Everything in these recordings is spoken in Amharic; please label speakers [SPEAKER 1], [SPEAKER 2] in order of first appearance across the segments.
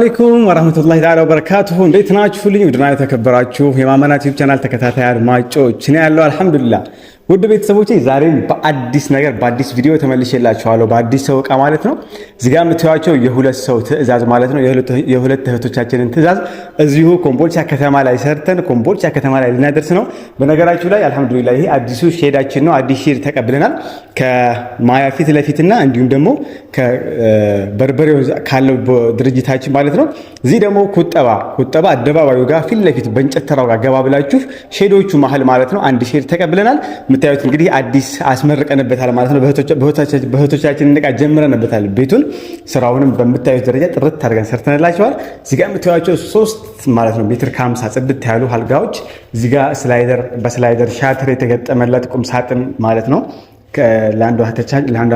[SPEAKER 1] አሌይኩም ወራህመቱላሂ ተዓላ ወበረካቱሁ እንዴት ናችሁልኝ? ውድና የተከበራችሁ የማመናት ዩቲዩብ ቻናል ተከታታይ አድማጮች እኔ ያለው አልሐምዱሊላህ ውድ ቤተሰቦቼ ዛሬም በአዲስ ነገር በአዲስ ቪዲዮ ተመልሼላችኋለሁ። በአዲስ ሰው እቃ ማለት ነው። እዚጋ የምታዩቸው የሁለት ሰው ትዕዛዝ ማለት ነው። የሁለት እህቶቻችንን ትዕዛዝ እዚሁ ኮምቦልቻ ከተማ ላይ ሰርተን ኮምቦልቻ ከተማ ላይ ልናደርስ ነው። በነገራችሁ ላይ አልሐምዱሊላ ይሄ አዲሱ ሼዳችን ነው። አዲስ ሼድ ተቀብለናል ከማያ ፊት ለፊትና እንዲሁም ደግሞ ከበርበሬው ካለው ድርጅታችን ማለት ነው እዚህ ደግሞ ቁጠባ ቁጠባ አደባባዩ ጋር ፊት ለፊት በእንጨት ተራው ጋር ገባ ብላችሁ ሼዶቹ መሀል ማለት ነው አንድ ሼድ ተቀብለናል። የምታዩት እንግዲህ አዲስ አስመርቀንበታል ማለት ነው። በእህቶቻችን ንቃ ጀምረንበታል ቤቱን። ስራውንም በምታዩት ደረጃ ጥርት አድርገን ሰርተንላቸዋል። እዚህ ጋር የምታዩቸው ሶስት ማለት ነው ሜትር ከሀምሳ ጽድት ያሉ አልጋዎች እዚህ ጋር ስላይደር በስላይደር ሻተር የተገጠመለት ቁም ሳጥን ማለት ነው ለአንዷ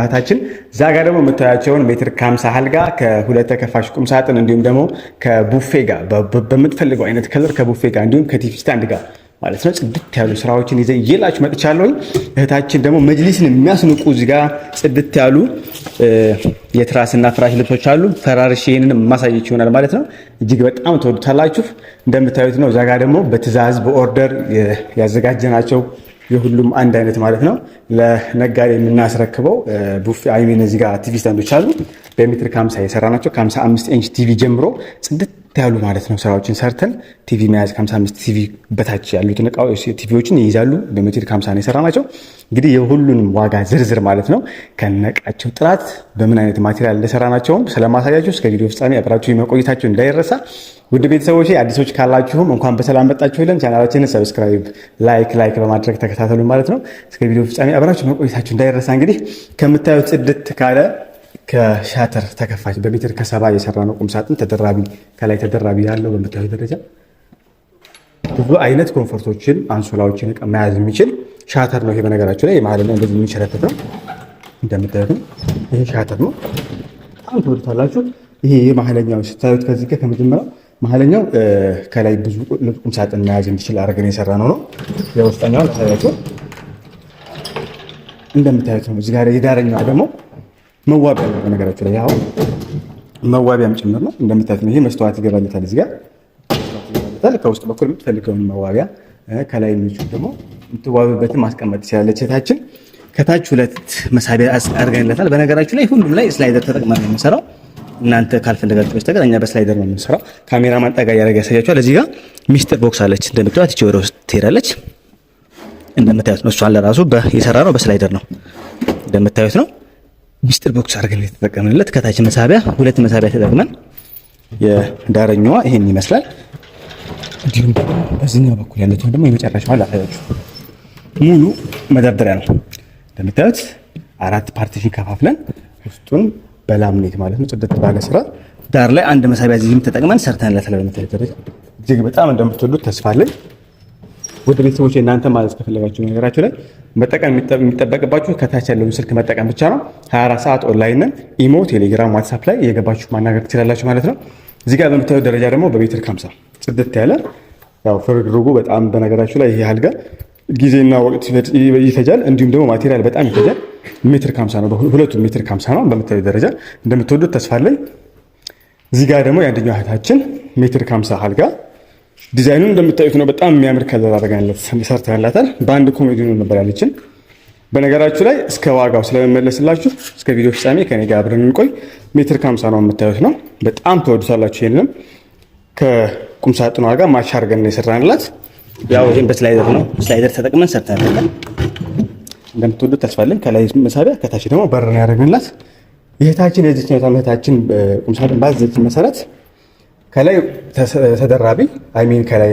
[SPEAKER 1] እህታችን እዛ ጋር ደግሞ የምታያቸውን ሜትር ከሀምሳ አልጋ ከሁለት ተከፋሽ ቁም ሳጥን እንዲሁም ደግሞ ከቡፌ ጋር በምትፈልገው አይነት ከለር ከቡፌ ጋር እንዲሁም ከቲቪ ስታንድ ጋር ማለት ነው ጽድት ያሉ ስራዎችን ይዘ እየላችሁ መጥቻለሁኝ። እህታችን ደግሞ መጅሊስን የሚያስንቁ እዚህ ጋር ጽድት ያሉ የትራስና ፍራሽ ልብሶች አሉ። ፈራርሽ ይህንን ማሳየች ይሆናል ማለት ነው። እጅግ በጣም ተወዱታላችሁ። እንደምታዩት ነው። እዛ ጋር ደግሞ በትዕዛዝ በኦርደር ያዘጋጀናቸው የሁሉም አንድ አይነት ማለት ነው። ለነጋዴ የምናስረክበው ቡፌ አይሜን እዚህ ጋር ቲቪ ስታንዶች አሉ። በሜትር ከሀምሳ የሰራ ናቸው። ከሀምሳ አምስት ኢንች ቲቪ ጀምሮ ጽድት ያሉ ማለት ነው ስራዎችን ሰርተን ቲቪ መያዝ ከሀምሳ አምስት ቲቪ በታች ያሉትን እቃ ቲቪዎችን ይይዛሉ። በሜትር ከሀምሳ ነው የሰራ ናቸው። እንግዲህ የሁሉንም ዋጋ ዝርዝር ማለት ነው ከነቃቸው ጥራት በምን አይነት ማቴሪያል እንደሰራ ናቸውም ስለማሳያችሁ እስከ ቪዲዮ ፍጻሜ አብራችሁ መቆየታችሁ እንዳይረሳ። ውድ ቤተሰቦች አዲሶች ካላችሁም እንኳን በሰላም ለን ቻናላችንን ሰብስክራይብ፣ ላይክ ላይክ በማድረግ ተከታተሉ ማለት ነው። እስከ ቪዲዮ ፍጻሜ አብራችሁ መቆየታችሁ እንዳይረሳ። እንግዲህ ከምታዩት ጽድት ካለ ከሻተር ተከፋች በሜትር ከሰባ የሰራ ነው ቁምሳጥን ተደራቢ ከላይ ተደራቢ ያለው በምታዩት ደረጃ ብዙ አይነት ኮንፈርቶችን አንሶላዎችን መያዝ የሚችል ሻተር ነው ይሄ። በነገራችሁ ላይ መሀል ላይ እንደዚህ የሚሸረተት ነው እንደምታዩት ይሄ ሻተር ነው። በጣም ትወዱታላችሁ። ይሄ የመሀለኛው ስታዩት ከዚህ ጋር ከመጀመሪያው መሀለኛው ከላይ ብዙ ቁም ሳጥን መያዝ እንዲችል አድርገን የሰራ ነው ነው የውስጠኛው ላሳያችሁ እንደምታዩት ነው። እዚህ ጋር የዳረኛው ደግሞ መዋቢያ ነው። በነገራችሁ ላይ ያው መዋቢያም ጭምር ነው እንደምታዩት ነው። ይሄ መስተዋት ይገባለታል እዚህ ጋር ከውስጥ በኩል የምትፈልገውን መዋቢያ ከላይ የሚችሉ ደግሞ የምትዋብበትን ማስቀመጥ ትችላለች እህታችን። ከታች ሁለት መሳቢያ አድርገንለታል። በነገራችሁ ላይ ሁሉም ላይ ስላይደር ተጠቅመን ነው የምንሰራው። እናንተ ካልፈለጋችሁ በስተቀር እኛ በስላይደር ነው የምንሰራው። ካሜራ ማንጠጋ እያደረገ ያሳያችኋል። እዚህ ጋር ሚስጥር ቦክስ አለች እንደምታዩት፣ ይቺ ወደ ውስጥ ትሄዳለች። እንደምታዩት ነው። እሷን ለራሱ የሰራ ነው በስላይደር ነው እንደምታዩት ነው። ሚስጥር ቦክስ አድርገን የተጠቀምንለት ከታች መሳቢያ ሁለት መሳቢያ ተጠቅመን የዳረኛዋ ይሄን ይመስላል። እንዲሁም በዚህኛው በኩል ያለችው ደግሞ የመጨረሻዋ ላሳያችሁ ሙሉ መደርደሪያ ነው። እንደምታዩት አራት ፓርቲሽን ከፋፍለን ውስጡን በላምኔት ማለት ነው ጽድት ባለ ስራ ዳር ላይ አንድ መሳቢያ ዚህም ተጠቅመን ሰርተን በምታዩት ደረጃ እጅግ በጣም እንደምትወዱት ተስፋ አለኝ። ወደ ቤተሰቦች እናንተ ማለት ከፈለጋችሁ ነገራችሁ ላይ መጠቀም የሚጠበቅባችሁ ከታች ያለውን ስልክ መጠቀም ብቻ ነው። 24 ሰዓት ኦንላይንን ኢሞ፣ ቴሌግራም፣ ዋትሳፕ ላይ እየገባችሁ ማናገር ትችላላችሁ ማለት ነው። እዚህ ጋር በምታዩት ደረጃ ደግሞ በሜትር ከምሳ ጽድት ያለ ያው ፍርግርጉ በጣም በነገራችሁ ላይ ይህ አልጋ ጊዜና ወቅት ይፈጃል። እንዲሁም ደግሞ ማቴሪያል በጣም ይፈጃል። ሜትር ከሀምሳ ነው፣ ሁለቱ ሜትር ከሀምሳ ነው። በምታዩ ደረጃ እንደምትወዱት ተስፋ አለኝ። እዚህ ጋር ደግሞ የአንደኛው እህታችን ሜትር ከሀምሳ አልጋ ዲዛይኑን እንደምታዩት ነው። በጣም የሚያምር ከለር አድርጋለት ሰርተንላታል። በአንድ ኮሜዲ ነው ነበር ያለችን። በነገራችሁ ላይ እስከ ዋጋው ስለመመለስላችሁ እስከ ቪዲዮ ፍጻሜ ከኔ ጋር አብረን እንቆይ። ሜትር ከሀምሳ ነው የምታዩት ነው። በጣም ተወዱታላችሁ። ይህንንም ከቁምሳጥን ዋጋ ማች አድርገን ነው የሰራንላት። ያው ይሄን በስላይደር ነው ስላይደር ተጠቅመን ሰርተናል። እንደምትወዱት ተስፋ አለኝ። ከላይ መሳቢያ ከታች ደግሞ በር ነው ያደረግንላት። ይህታችን የዚችን ታመታችን ቁምሳጥን ባዘችን መሰረት ከላይ ተደራቢ አይሚን ከላይ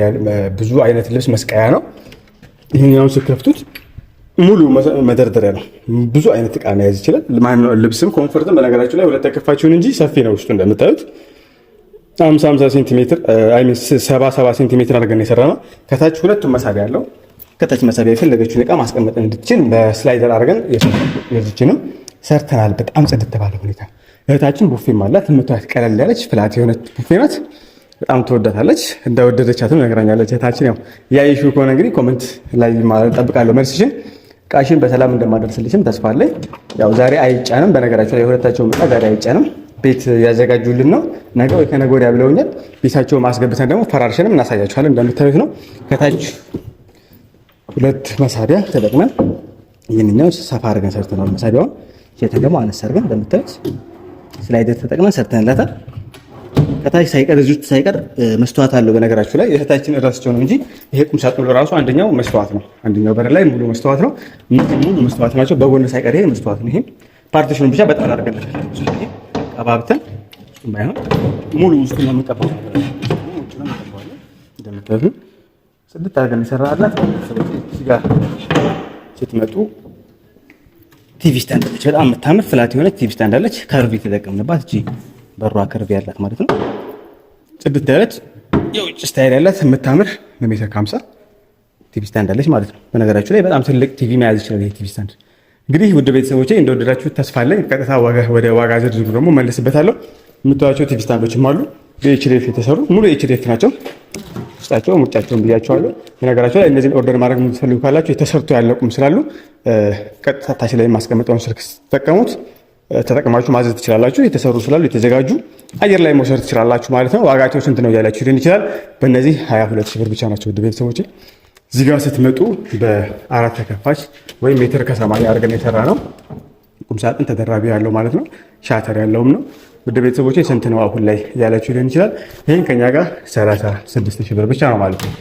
[SPEAKER 1] ብዙ አይነት ልብስ መስቀያ ነው። ይሄኛውን ስከፍቱት ሙሉ መደርደሪያ ነው። ብዙ አይነት እቃ መያዝ ይችላል። ልብስም ኮንፈርትም። በነገራችሁ ላይ ሁለት ተከፋችሁን እንጂ ሰፊ ነው ውስጡ እንደምታዩት አምሳ አምሳ ሴንቲሜትር ሰባ ሰባ ሴንቲሜትር አድርገን የሰራ ነው። ከታች ሁለቱም መሳቢያ አለው። ከታች መሳቢያ የፈለገችውን እቃ ማስቀመጥ እንድትችል በስላይደር አድርገን የዚችንም ሰርተናል። በጣም ጽድት ባለ ሁኔታ እህታችን ቡፌም አላት። ምቷት ቀለል ያለች ፍላት የሆነች ቡፌ ናት። በጣም ትወዳታለች። እንደወደደቻትም ነግራኛለች እህታችን። ያው ያየሽው ከሆነ እንግዲህ ኮመንት ላይ ጠብቃለሁ መልስሽን። እቃሽን በሰላም እንደማደርስልሽም ተስፋ አለኝ። ያው ዛሬ አይጫንም። በነገራችን ላይ የሁለታቸውም እቃ ዛሬ አይጫንም። ቤት ያዘጋጁልን ነው። ነገ ወይ ከነገ ወዲያ ብለውኛል። ቤታቸው ማስገብተን ደግሞ ፈራርሸንም እናሳያችኋለን። እንደምታዩት ነው። ከታች ሁለት መሳቢያ ተጠቅመን ይህንኛው ሰፋ አድርገን ሰርተናል። መሳቢያውን ሴትን ደግሞ አነስ አድርገን እንደምታዩት ስላይደር ተጠቅመን ሰርተንላታል። ከታች ሳይቀር እዚህ ሳይቀር መስተዋት አለው። በነገራችሁ ላይ የታችን እራሳቸው ነው እንጂ ይሄ ቁም ሳጥኑ ራሱ አንደኛው መስተዋት ነው። አንደኛው በር ላይ ሙሉ መስተዋት ነው። ሙሉ መስተዋት ናቸው። በጎን ሳይቀር ይሄ መስተዋት ነው። ይሄ ፓርቲሽኑ ብቻ በጣም አድርገን ቀባብተን ውስጡም ባይሆን ሙሉ ውስጡ ነው የሚቀባው። እንደምታዩት ጽድት አድርገን የሰራላት። ስለዚህ እዚህ ጋር ስትመጡ ቲቪ ስታንድ አለች። በጣም የምታምር ፍላት የሆነች ቲቪ ስታንድ አለች። ከርቭ የተጠቀምንባት እቺ በሯ ከርቭ ያላት ማለት ነው። ጽድት ያለች የውጭ ስታይል ያላት የምታምር ሜትር ከሀምሳ ቲቪ ስታንድ አለች ማለት ነው። በነገራችሁ ላይ በጣም ትልቅ ቲቪ መያዝ ይችላል ይሄ ቲቪ ስታንድ እንግዲህ ውድ ቤተሰቦች እንደወደዳችሁ ተስፋ አለኝ። ቀጥታ ወደ ዋጋ ዝርዝሩ ደግሞ መለስበታለሁ። የምታዩቸው ቲቪ ስታንዶችም አሉ በኤችዲኤፍ የተሰሩ ሙሉ ኤችዲኤፍ ናቸው። ውስጣቸው ሙጫቸውን ብያቸዋለሁ። በነገራቸው ላይ እነዚህን ኦርደር ማድረግ የምትፈልጉ ካላቸው የተሰርቶ ያለቁም ስላሉ ቀጥታ ታች ላይ የማስቀመጠውን ስልክ ስትጠቀሙት ተጠቅማችሁ ማዘዝ ትችላላችሁ። የተሰሩ ስላሉ የተዘጋጁ አየር ላይ መውሰድ ትችላላችሁ ማለት ነው። ዋጋቸው ስንት ነው እያላችሁ ሊሆን ይችላል። በእነዚህ 22 ሺህ ብር ብቻ ናቸው ውድ ቤተሰቦቼ እዚህ ጋር ስትመጡ በአራት ተከፋች ወይም ሜትር ከሰማንያ አድርገን የሰራ ነው። ቁምሳጥን ተደራቢ ያለው ማለት ነው። ሻተር ያለውም ነው። ውድ ቤተሰቦች ስንት ነው አሁን ላይ ያላችሁ ሊሆን ይችላል። ይህን ከኛ ጋር 36 ሺህ ብር ብቻ ነው ማለት ነው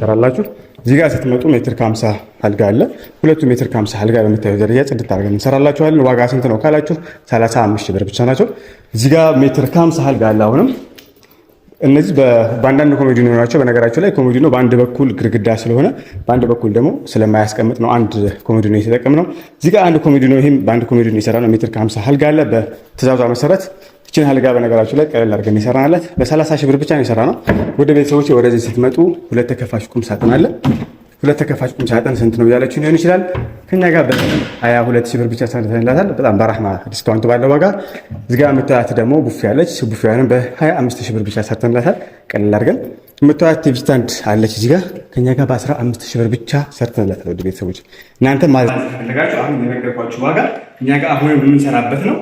[SPEAKER 1] ሰራላችሁ። እዚህ ጋር ስትመጡ ሜትር ከሀምሳ አልጋ አለ። ሁለቱ ሜትር ከሀምሳ አልጋ በምታዩ ደረጃ ጽድት አድርገን እንሰራላችኋለን። ዋጋ ስንት ነው ካላችሁ 35 ሺህ ብር ብቻ ናቸው። እዚህ ጋር ሜትር ከሀምሳ አልጋ አለ አሁንም እነዚህ በአንዳንድ ኮሜዲ ነው ናቸው። በነገራቸው ላይ ኮሜዲ ነው በአንድ በኩል ግድግዳ ስለሆነ በአንድ በኩል ደግሞ ስለማያስቀምጥ ነው አንድ ኮሜዲ ነው የተጠቀም ነው። እዚህ ጋር አንድ ኮሜዲ ነው፣ ይህም በአንድ ኮሜዲ ነው የሰራ ነው። ሜትር ከሀምሳ ሀልጋ አለ። በትእዛዟ መሰረት እችን ሀልጋ በነገራቸው ላይ ቀለል አድርገን የሰራናለት በሰላሳ ሺህ ብር ብቻ ነው የሰራ ነው። ወደ ቤተሰቦች ወደዚህ ስትመጡ ሁለት ተከፋሽ ቁም ሳጥን አለ። ሁለት ተከፋሽ ቁም ሳጥን ስንት ነው ያለችው ሊሆን ይችላል ከኛ ጋር ሀያ ሁለት ሺህ ብር ብቻ ሰርተንላታል። በጣም በራህማ ዲስካውንት ባለው ዋጋ። እዚጋ የምታያት ደግሞ ቡፌ አለች። ቡፌዋንም በሀያ አምስት ሺህ ብር ብቻ ሰርተንላታል። ቀለል አድርገን የምታያት ቲቪ ስታንድ አለች እዚጋ ከኛ ጋር በአስራ አምስት ሺህ ብር ብቻ ሰርተንላታል። ወደ ቤተሰቦች እናንተ ማለት ፈለጋችሁ አሁን የነገርኳችሁ ዋጋ እኛ ጋር አሁን የምንሰራበት ነው።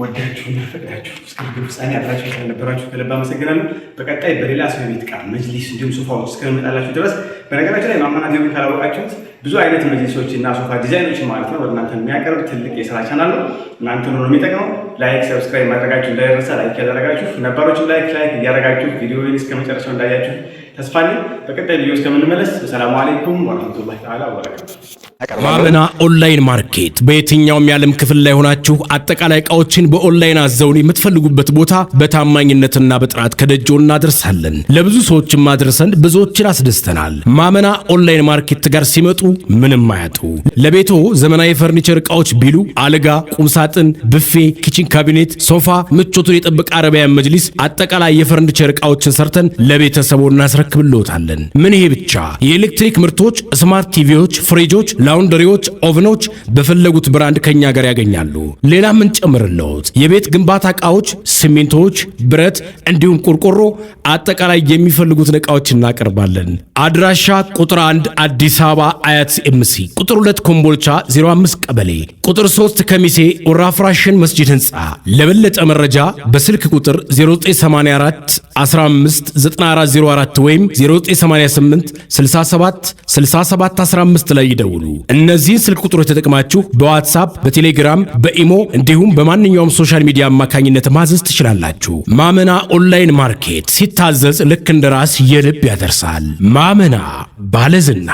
[SPEAKER 1] ወዳችሁ ፈቅዳችሁ እስከ ምግብ ፍጻሜ አብራችሁ ስለነበራችሁ ከልብ አመሰግናለሁ። በቀጣይ በሌላ ሰው ቤት ዕቃ መጅሊስ እንዲሁም ሶፋዎች እስከመጣላችሁ ድረስ በነገራችን ላይ ማማናት ሊሆን ካላወቃችሁት ብዙ አይነት መጅሊሶች እና ሶፋ ዲዛይኖች ማለት ነው ወደናንተ የሚያቀርብ ትልቅ የስራ ቻናል ነው። እናንተ ነው የሚጠቅመው። ላይክ፣ ሰብስክራይብ ማድረጋችሁ እንዳይረሳ። ላይክ ያደረጋችሁ ነባሮችም ላይክ ላይክ እያደረጋችሁ ቪዲዮውን እስከመጨረሻው እንዳያችሁ ተስፋንን በቀጣይ ቪዲዮ እስከምንመለስ ሰላሙ አሌይኩም ተዓላ ወበረካቱ። ማመና ኦንላይን ማርኬት በየትኛውም የዓለም ክፍል ላይ ሆናችሁ አጠቃላይ እቃዎችን በኦንላይን አዘውን የምትፈልጉበት ቦታ በታማኝነትና በጥራት ከደጆ እናደርሳለን። ለብዙ ሰዎችን ማድረሰን ብዙዎችን አስደስተናል። ማመና ኦንላይን ማርኬት ጋር ሲመጡ ምንም አያጡ። ለቤቶ ዘመናዊ የፈርኒቸር እቃዎች ቢሉ አልጋ፣ ቁምሳጥን፣ ብፌ፣ ኪችን ካቢኔት፣ ሶፋ፣ ምቾቱን የጠበቀ አረቢያን መጅሊስ፣ አጠቃላይ የፈርኒቸር እቃዎችን ሰርተን ለቤተሰቦ እናስረ እናስረክብልዎታለን። ምን ይሄ ብቻ! የኤሌክትሪክ ምርቶች፣ ስማርት ቲቪዎች፣ ፍሪጆች፣ ላውንደሪዎች፣ ኦቭኖች በፈለጉት ብራንድ ከኛ ጋር ያገኛሉ። ሌላ ምን ጨምርልዎት? የቤት ግንባታ ዕቃዎች፣ ሲሚንቶዎች፣ ብረት እንዲሁም ቆርቆሮ፣ አጠቃላይ የሚፈልጉትን ዕቃዎች እናቀርባለን። አድራሻ ቁጥር 1 አዲስ አበባ አያት ኤምሲ፣ ቁጥር 2 ኮምቦልቻ 05 ቀበሌ፣ ቁጥር 3 ከሚሴ ወራፍራሽን መስጂድ ህንፃ። ለበለጠ መረጃ በስልክ ቁጥር 0984 15 9404 ወይም ወይም 0988676715 15 ላይ ይደውሉ። እነዚህን ስልክ ቁጥሮች ተጠቅማችሁ በዋትሳፕ በቴሌግራም በኢሞ እንዲሁም በማንኛውም ሶሻል ሚዲያ አማካኝነት ማዘዝ ትችላላችሁ። ማመና ኦንላይን ማርኬት ሲታዘዝ ልክ እንደ ራስ የልብ ያደርሳል። ማመና ባለዝና